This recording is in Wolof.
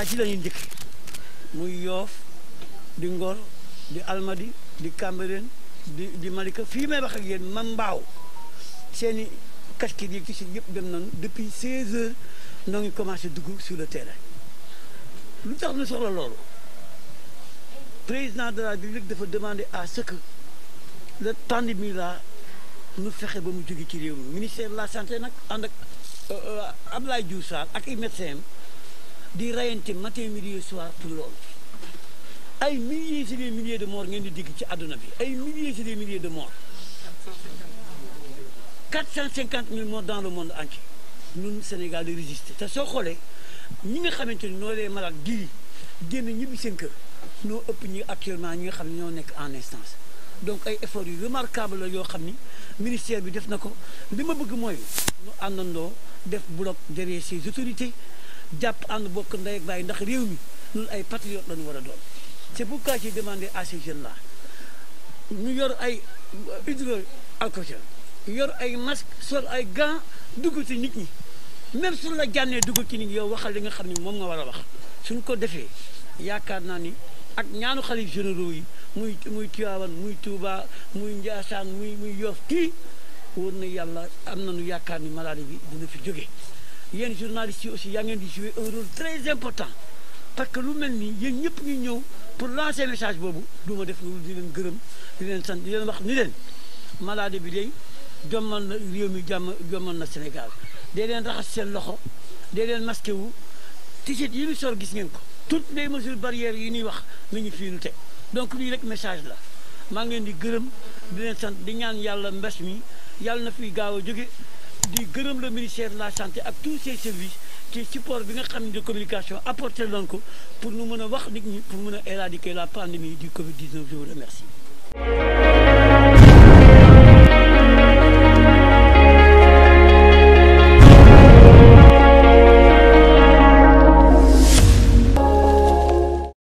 gaa ci la ñuy njëkk muy yoof di ngor di almadi di Cambérène di di Malika fii may wax ak yéen ma mbaaw seeni casquette yi ci yëpp dem nañu depuis 16 heures noo ngi commencé dugg sur le terrain lu tax na soxla loolu président de la République dafa demander à ce que le pandémie là nu fexe ba mu jóge ci réew mi ministère de la santé nag ànd ak euh, euh, Abdoulaye Diouf ak i di rayante matin midi et soir pour loolu ay millier et des milliers de morts ngeen di digg ci àdduna bi ay milliers et des milliers de morts 450 000 morts dans le monde entier ñun Sénégal de résister te soo xoolee ñi nga xamante ni noo lee malade gii génn ñibbi seen kër noo ëpp ñi actuellement ñu nga xam ne ñoo nekk en instance donc ay efforts yu remarquable la yoo xam ni ministère bi def na ko li ma bëgg mooy ñu àndandoo def bloc derrière ces autorités jàpp ànd bokk ndey ak bàyyi ndax réew mi ñun ay patriote lañu war a doon c'est pourquoi j'ai demandé à ces jeunes là ñu yor ay hydroalcoolique yor ay masque sol ay gants dugg ci nit ñi même suñ la jànnee dugg ci nit ñi yow waxal li nga xam ne moom nga war a wax suñ ko defee yaakaar naa ni ak ñaanu xalif généraux yi muy muy Tivaouane muy Touba muy Ndiassane muy muy Yoff kii wóor na yàlla am nañu yaakaar ni maladie bi dina fi jóge yéen journalistes yi aussi yaa ngeen di jouer un rôle important parce que lu mel nii yéen ñëpp ñu ñëw pour lancer message boobu du ma def loolu di leen gërëm di leen sant di leen wax ni leen malade bi day jommal na réew mi jàmm jommal na Sénégal dee leen raxas seen loxo dee leen masqué wu tisit yi sor gis ngeen ko toutes les mesures barrières yi ñuy wax mi ngi fii nu teg donc lii rek message la maa ngi leen di gërëm di leen sant di ñaan yàlla mbes mi yàlla na fi gaaw a jóge di gërëm le ministère de la santé ak tous ses services ci support bi nga xam ne de communication apporté nañ pour nu mën a wax nit ñi pour mën a éradiquer la pandémie du Covid 19 je vous remercie.